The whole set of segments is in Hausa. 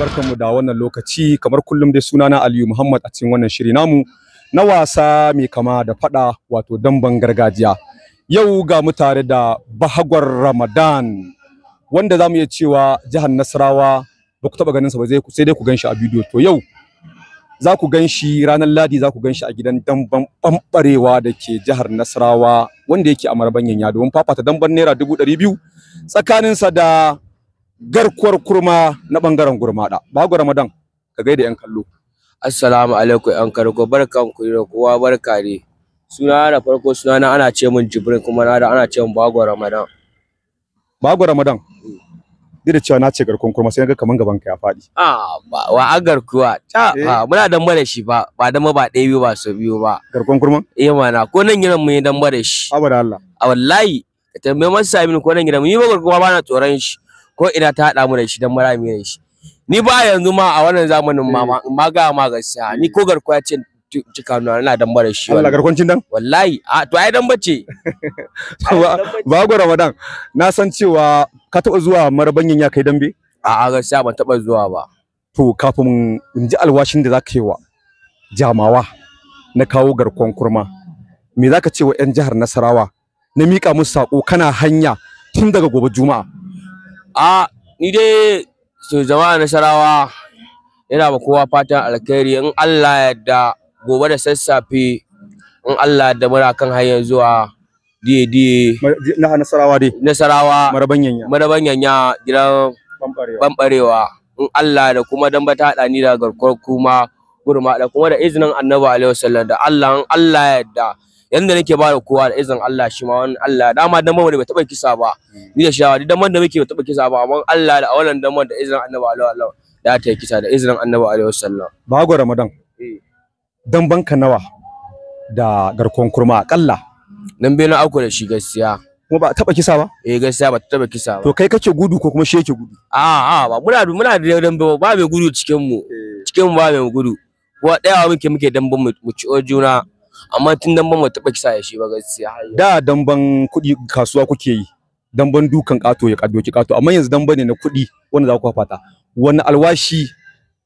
barkanmu da wannan lokaci kamar kullum dai sunana Aliyu Muhammad a cikin wannan shiri namu na wasa mai kama da fada wato damban gargajiya yau ga mu tare da bahagwar Ramadan wanda zamu iya cewa jihar Nasarawa ba ku taba ganin sa ba sai dai ku ganshi a bidiyo to yau za ku ganshi ranar Ladi za ku ganshi a gidan damban bambarewa da ke jihar Nasarawa wanda yake a Marbanyan ya domin fafata damban naira dubu ɗari biyu tsakaninsa da garkuwar kurma na bangaren gurmada bago ramadan ka gaida yan kallo assalamu alaikum yan karko barkan ku da kowa barka ne suna da farko suna na ana ce min jibrin kuma na da ana ce min bago ramadan bago ramadan duk da cewa na ce garkuwar kurma sai ga kaman gaban ka ya faɗi ah, a wa a garkuwa ta eh. muna dan bare shi ba ba dan ba ɗaya biyu ba so biyu ba garkuwar kurma eh mana ko nan gidan mun yi dan bare shi abada Allah a wallahi ka tambaye masa min ko nan gidan mun yi ba garkuwa ba na tsoron shi ko ina ta haɗa mu da shi dan marami da shi ni ba yanzu ma a wannan zamanin ma ma ga ma gaskiya ni ko garkuwa ce cika nuna ina dan mara shi Allah garkuncin dan wallahi a to ai dan bace ba ga Ramadan na san cewa ka taɓa zuwa marabanyin ya kai dambe a a gaskiya ban taɓa zuwa ba to kafin in ji alwashin da zaka yi wa jamawa na kawo garkon kurma me zaka ce wa 'yan jihar Nasarawa na mika musu sako kana hanya tun daga gobe Juma'a A ni dai su jama'a Nasarawa yana ba kowa fatan alkhairi in Allah ya gobe da sassafe in Allah ya muna kan hanyar zuwa diye diye na Nasarawa dai Nasarawa marabanyanya marabanyanya gidan bambarewa in Allah da kuma dan bata da ni da garkuwar kuma gurma da kuma da izinin Annabi alaihi wasallam da Allah in Allah ya yanda nake ba da kowa da izin Allah shi ma wani Allah dama dan mu da bai taba kisa ba hmm. ni da shawa dan da muke bai taba kisa ba amma Allah da awalan dan da izinin Annabi alaihi wasallam da ta yi kisa da izinin Annabi alaihi wasallam ba go Ramadan eh. dan banka nawa da garkon kurma kalla? dan bai na auko da shi gaskiya kuma ba taba kisa ba eh gaskiya ba taba kisa ba to kai kake gudu ko kuma shi yake gudu a a ba muna muna da dambe ba mai gudu cikin mu eh. cikin mu ba mai gudu kuwa daya muke muke dambe mu ci juna amma tun dan ban ba taɓa kisa ya shi ba gaskiya da dan ban kuɗi kasuwa kuke yi dan ban dukan kato ya ki kato amma yanzu dan ne na kuɗi wanda za ku fata wani alwashi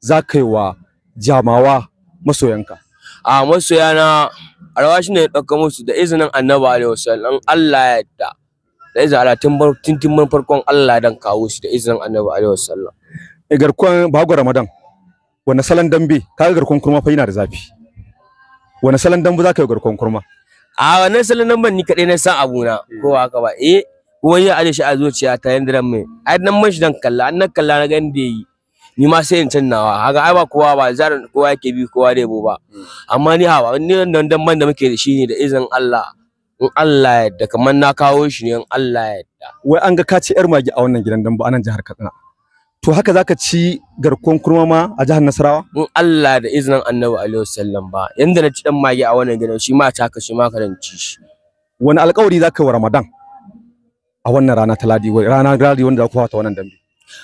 za ka yi wa jamawa masoyanka a masoyana alwashi ne ɗauka musu da izinin annabi alaihi wasallam Allah ya yarda da izinin Allah tun tun farkon Allah dan kawo shi da izinin annabi alaihi wasallam eh, garkon bago ramadan wanda salon dambe kaga garkon kurma fa yana da zafi wani salon dambu za ka yi garkon kurma a wannan salon dambu ni kaɗai na san na ko haka ba eh kuma yi aje shi a zuciya ta yin ran mai ai nan man shi dan kalla an nan kalla na gani da yi ni ma sai in cannawa haka ai ba kowa ba zaran kowa yake bi kowa da yabo ba amma ni hawa ni nan dan da muke da shi ne da izinin Allah in Allah ya yarda kamar na kawo shi ne in Allah ya yarda wai an ga ka ci yar magi a wannan gidan dambu a nan jihar Katsina to haka zaka ci garkon kurma ma a jihar Nasarawa in Allah da iznin Annabi alaihi wasallam ba yanda na ci dan mage a wannan gidan shi ma ta kashi ma ci shi wani alƙawari zaka wa Ramadan a wannan rana ta ladi rana ladi wanda zaka fata wannan dambe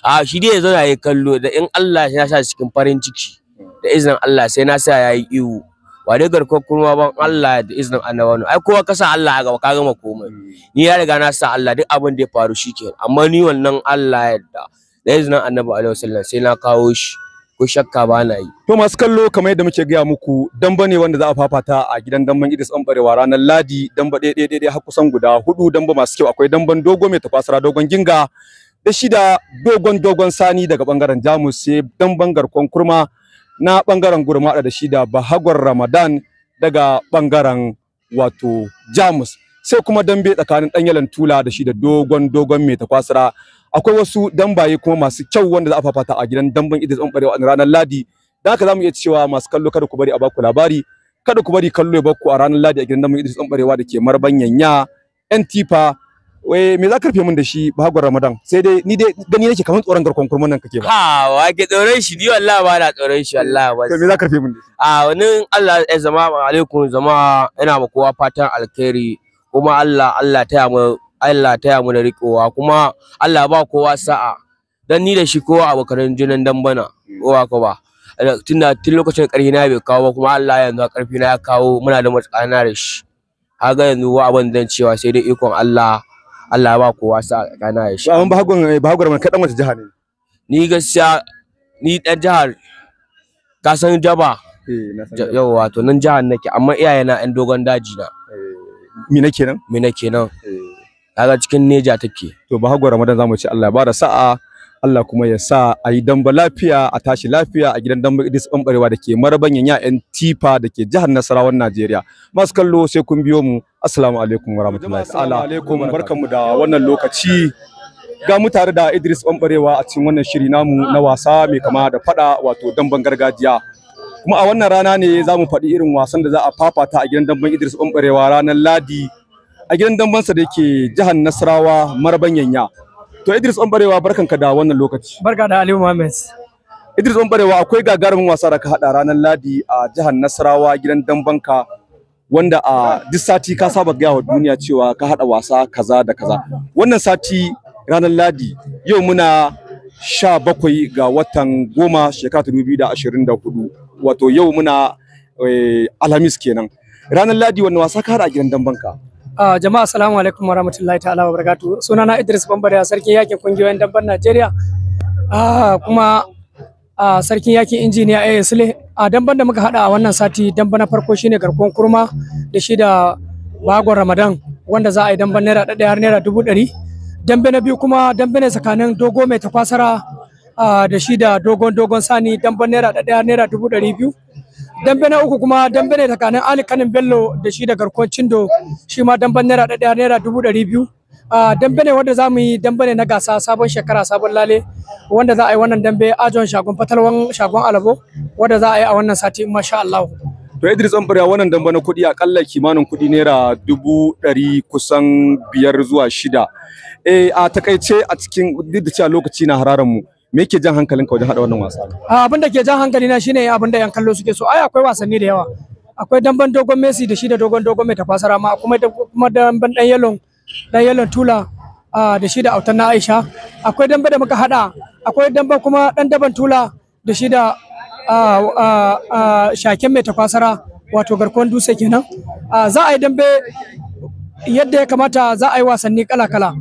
a shi dai yazo yayi kallo da in Allah ya sa cikin farin ciki da iznin Allah sai na sa yayi iwo Wa dai garkon kurma ban Allah da izinin annabawa ai kowa ka sa Allah ga ka gama komai hmm. ni ya riga na sa Allah duk abin da ya faru shikenan amma ni wannan Allah ya yarda da izinin annabi alaihi wasallam sai na kawo shi ko shakka ba na yi. To masu kallo kamar yadda muke gaya muku damba ne wanda za a fafata a gidan damban Idris Ambarewa ranar Ladi damba ɗaya ɗaya ɗaya har kusan guda hudu damba masu kyau akwai damban dogo mai tafasara dogon ginga da shida dogon dogon sani daga bangaren Jamus sai damban garkon kurma na bangaren gurma da shida bahagwar Ramadan daga bangaren wato Jamus. sai kuma dambe tsakanin dan yalan tula da shi da dogon dogon mai takwasira akwai wasu dambaye kuma masu kyau wanda za a fafata a gidan damben zan barewa a ranar Ladi da haka zamu iya cewa masu kallo kada ku bari a baku labari kada ku bari kallo ya baku a ranar Ladi a gidan damben zan barewa da ke marban yanya yan tifa wai me za ka rufe min da shi bahagwar Ramadan sai dai ni dai gani nake kamar tsoron garkon kurmun nan kake ba ha wa ke tsoron shi ni wallahi ba na tsoron shi Allah ba me za ka rufe min da shi a wannan Allah ya zama alaikum zama ina ma kowa fatan alkhairi kuma Allah Allah taya mu Allah taya mu da riƙowa kuma Allah ba kowa sa'a dan ni da shi kowa abokan junan dan bana kowa ko ba tunda tun lokacin ƙarfi na bai kawo ba kuma Allah yanzu ƙarfi na ya kawo muna da matsana da shi Haga yanzu wa abin dan cewa sai dai ikon Allah Allah ba kowa sa'a kana da shi amma bahagon eh, bahagon man kadan wata jaha ne ni gaskiya ni dan jihar ka san jaba eh, yau wato nan jihar nake amma iyayena yan dogon daji na eh. mina kenan mina kenan eh. kaga cikin neja take to ba hagwa ramadan zamu ci Allah ba da sa'a Allah kuma ya sa a yi damba lafiya a tashi lafiya a gidan damba Idris Bambarewa da ke yanya en tifa da ke jihar Nasarawan Najeriya. Masu kallo sai kun biyo mu. Assalamu alaikum wa rahmatullahi ta'ala. alaikum barkamu da wannan lokaci. Ga mu tare da Idris Bambarewa a cikin wannan shiri namu na wasa mai kama da fada wato damban gargajiya. kuma a wannan rana ne za mu faɗi irin wasan da za a fafata a gidan damban Idris Bambarewa ranar Ladi a gidan dambansa da yake jihar Nasarawa Marban Yanya to Idris barkan barkanka da wannan lokaci barka da Aliyu Muhammad Idris Bambarewa akwai gagarumin wasa da ka haɗa ranar Ladi a jihar Nasarawa gidan dambanka wanda a duk sati ka saba gaya wa duniya cewa ka haɗa wasa kaza da kaza wannan sati ranar Ladi yau muna sha bakwai ga watan goma shekara ta da ashirin da hudu wato yau muna eh, alhamis kenan ranar ladi wannan wasa ka a gidan dambanka jama'a assalamu alaikum warahmatullahi ta'ala wa barakatu sunana Idris Bambare sarkin yakin kungiyoyin damban Najeriya kuma sarkin yakin injiniya A Sule a damban da muka hada a wannan sati damban na farko shine garkon kurma da shi da bagon Ramadan wanda za a yi damban naira ɗaya har naira dubu ɗari dambe na biyu kuma dambe ne tsakanin dogo mai takwasara Ah, da shi da dogon dogon sani damben naira ɗaya naira dubu ɗari biyu dambe na uku kuma dambe ne tsakanin ali kanin bello da shi da garkon cindo shi ma damben naira ɗaya naira dubu ɗari biyu ah, dambe ne wanda za mu yi dambe ne na gasa sabon shekara sabon lale wanda za a yi wannan dambe ajon shagon fatalwan shagon alabo wanda za a yi a wannan sati masha Allah. To Idris Ambarya wannan damba na kuɗi akalla kimanin kuɗi naira dubu ɗari kusan biyar zuwa shida. Eh, a takaice a cikin duk da cewa lokaci na hararan mu me yake jan hankalinka wajen haɗa wannan wasa abin da ke jan hankali na shine abin da yan kallo suke so ai akwai wasanni da yawa akwai damban dogon Messi da shi da dogon dogon mai tafasara ma kuma kuma damban dan yelon dan yelon tula da shi da autan na Aisha akwai damba da muka hada akwai damba kuma dan daban tula da shi da shaken mai tafasara wato garkon dutse kenan za a yi dambe yadda ya kamata za a yi wasanni kala-kala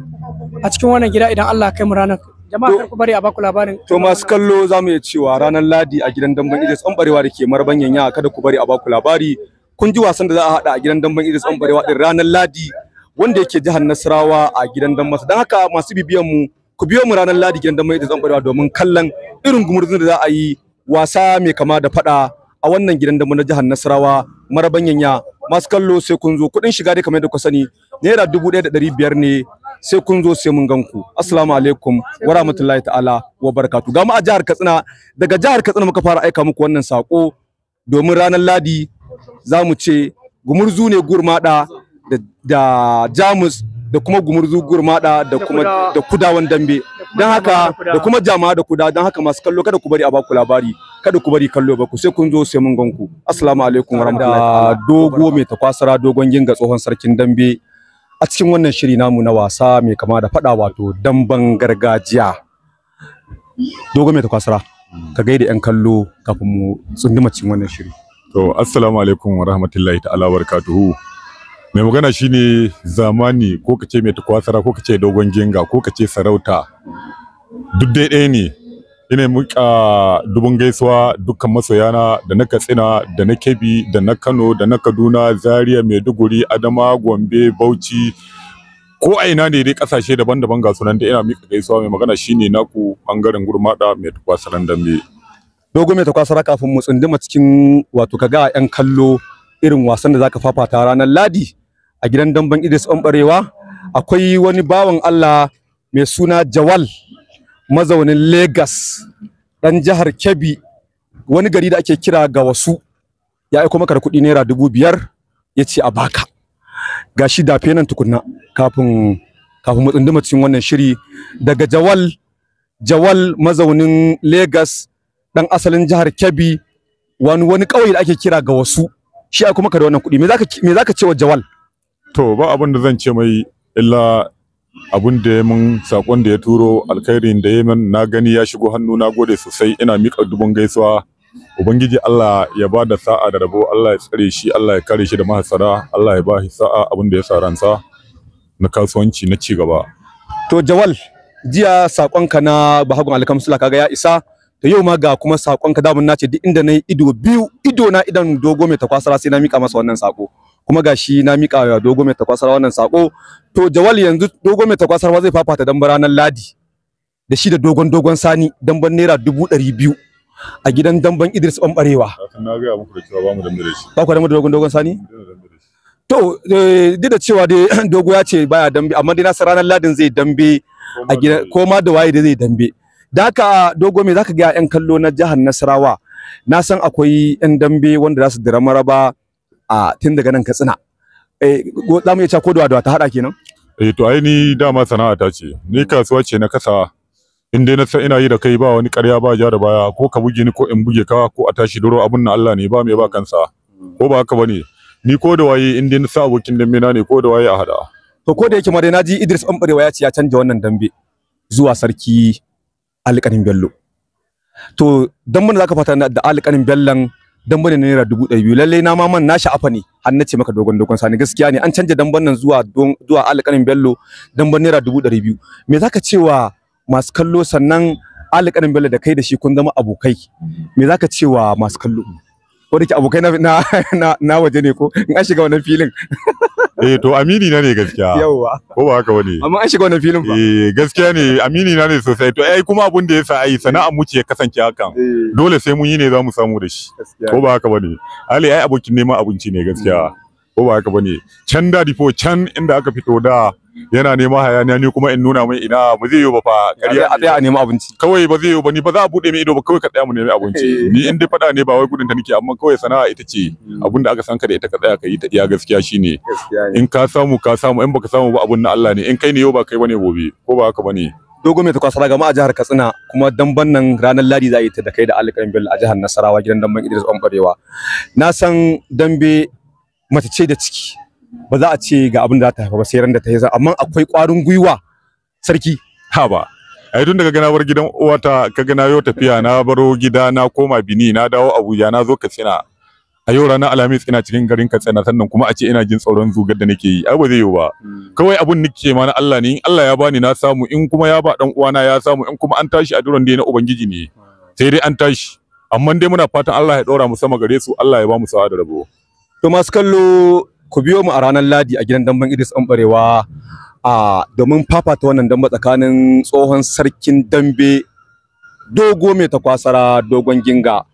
a cikin wannan gida idan Allah kai mu ranar jama'a ku bari a baku labarin to masu kallo za mu iya cewa ranar ladi a gidan damban Idris an barewa da ke marbanyan ya kada ku bari a baku labari kun ji wasan da za a hada a gidan damban Idris an barewa din ranar ladi wanda yake jihar Nasarawa a gidan damban dan haka masu bibiyan mu ku biyo mu ranar ladi gidan damban Idris an barewa domin kallon irin gumurzun da za a yi wasa mai kama da fada a wannan gidan damban na jihar Nasarawa marabanyanya masu kallo sai kun zo kuɗin shiga dai kamar da ku sani naira dubu ɗaya da ɗari biyar ne sai kun zo sai mun gan ku assalamu alaikum wa rahmatullahi ta'ala wa barakatu ga mu a jihar katsina daga jihar katsina muka fara aika muku wannan sako domin ranar ladi za mu ce gumurzu ne gurmada da jamus da kuma gumurzu gurmada da kuma da kudawan dambe don haka da kuma jama'a da kuda don haka masu kallo kada ku bari a baku labari kada ku bari kallo ba ku sai kun zo sai mun ganku assalamu alaikum warahmatullahi dogo mai takwasara dogon ginga tsohon sarkin dambe a cikin wannan shiri namu na wasa mai kama da fada wato damban gargajiya dogo mai takwasara ka gaida yan kallo kafin mu tsunduma cikin wannan shiri to assalamu alaikum warahmatullahi ta'ala barakatuhu mai magana shine zamani ko ka mai tukwasara ko kace ce dogon jinga ko kace sarauta duk dai ɗaya ne ina muka dubun gaisuwa dukkan masoyana da na katsina da na kebi da na kano da na kaduna zaria maiduguri adama gombe bauchi ko a ina ne dai kasashe daban-daban ga sunan da ina miƙa gaisuwa mai magana shine naku bangaren gurmada mai tukwasaran dambe dogo mai tukwasara kafin mu tsunduma cikin wato kaga yan kallo irin wasan da zaka fafata ranar ladi a gidan damban Idris Ɓanɓarewa akwai wani bawan Allah mai suna Jawal mazaunin Legas ɗan jihar Kebbi wani gari da ake kira ga wasu ya aiko maka da kuɗi naira dubu biyar ya ce a baka Ga shi dafe nan tukunna kafin kafin mu tsunduma cikin wannan shiri daga Jawal Jawal mazaunin Legas dan asalin jihar Kebbi wani wani kauye da ake kira ga wasu shi aiko maka da wannan kuɗi me zaka me zaka ce wa Jawal to ba abin da zan ce mai illa abin da ya mun sakon da ya turo alkhairin da ya min na gani ya shigo hannu na gode sosai ina miƙa dubun gaisuwa ubangiji Allah ya ba da sa'a da rabo Allah ya tsare shi Allah ya kare shi da mahasara Allah ya ba shi sa'a abin da ya sa ransa na kasuwanci na ci gaba to Jawal jiya ka na Bahagun Alkamsula kaga ya isa to yau ma ga kuma da damun nace duk inda nayi ido biyu ido na idan dogo mai takwasara sai na mika masa wannan sako kuma gashi na mika wa dogo mai takwasar wannan sako to jawal yanzu dogo mai takwasar zai fafata dan ranar ladi da shi da dogon dogon sani ban naira dubu ɗari biyu a gidan ban Idris Bambarewa. Na gaya muku da cewa ba mu dambe da shi. Ba ku dambe da dogon dogon sani? To eh, duk da cewa dai dogo ya ce baya dambe amma dai na san ranar ladin zai dambe a gida ko ma da waye da zai dambe. Da haka dogo me zaka ga yan kallo na jihar Nasarawa na san akwai yan dambe wanda za su dira maraba a tun daga nan katsina eh, za mu iya cewa ko da ta hada kenan eh to ai ni dama sana'a ta ce ni kasuwa ce na kasa in dai na san ina yi da kai ba wani ƙarya ba ja da baya ko ka buge ni ko in buge ka ko a tashi duro abun na Allah ne ba mai ba kansa ko ba haka bane ni ko da waye in dai na sa abokin dambe na ne ko da waye a hada to ko da yake ma dai naji Idris Ambarewa ya ce ya canja wannan dambe zuwa sarki alƙanin Bello to dan mun zaka fata da alƙanin Bellan dambe da naira dubu lalle biyu lallai na ma man na sha'afa ne har na ce maka dogon dogon sani gaskiya ne an canja dambar nan zuwa zuwa alƙalin bello dambar naira dubu biyu me zaka cewa masu kallo sannan alƙalin bello da kai da shi kun zama abokai me zaka cewa masu kallo ko da ke abokai na na waje ne ko in an shiga wannan filin eh to amini na ne gaskiya yawa ko ba haka bane amma an shiga wannan filin ba eh gaskiya ne amini na ne sosai to ai kuma abun da yasa ai sana'a mu ce ya kasance hakan eh. dole sai mun yi ne za mu samu da shi ko ba haka bane ali ai abokin neman abinci ne gaskiya hmm. ko ba haka bane can da difo can inda aka fito da yana neman hayaniya ni kuma in nuna mai ina ba zai yi ba fa ƙarya a tsaya a nema abinci kawai ba zai yi ba ni ba za a bude mai ido ba kawai ka tsaya mu nemi abinci eh. ni in dai faɗa ne ba wai gudun ta nake amma kawai sana'a ita ce hmm. abin da aka san ka da ita ka tsaya ka yi ta iya gaskiya shine in ka samu ka samu in baka samu ba abun na Allah ne in kai ne yau ba kai bane gobe ko ba haka bane dogo mai takwasa daga a jihar Katsina kuma damban nan ranar Ladi za a yi ta da kai da Alƙan Bello a jihar Nasarawa gidan damban Idris Ɓanɓarewa na san dambe mace ce da ciki ba za a ce ga abin da ta haifa ba sai ran da ta yi amma akwai ƙwarin gwiwa sarki ha ba ai tun daga bar gidan uwata ka gana yau tafiya na baro gida na koma Bini na dawo Abuja na zo Katsina a yau ranar Alhamis ina cikin garin Katsina sannan kuma a ce ina jin tsoron zugar da nake yi ai ba zai yiwu ba hmm. kawai abun nake ma na Allah ne in Allah ya bani na samu in kuma ya ba dan uwana ya samu in kuma an tashi a duran da na ubangiji ne sai dai an tashi amma dai muna fatan Allah ya daura mu sama gare su Allah ya ba mu sa'a da rabo to masu kallo ku biyo mu a ranar ladi a gidan damban idris ɓanɓarewa a domin fafata wannan damba tsakanin tsohon sarkin dambe dogo mai takwasara dogon ginga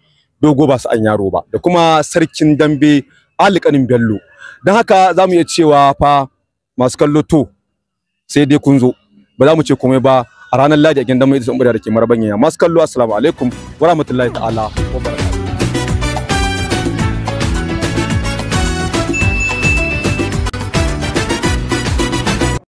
dogo ba su an yaro ba da kuma sarkin dambe alikanin bello don haka za mu iya cewa fa masu kallo to sai dai kun zo ba za mu ce komai ba a ranar ladi a gidan damban idris ɓanɓarewa da ke maraban masu kallo assalamu alaikum wa rahmatullahi ta'ala wa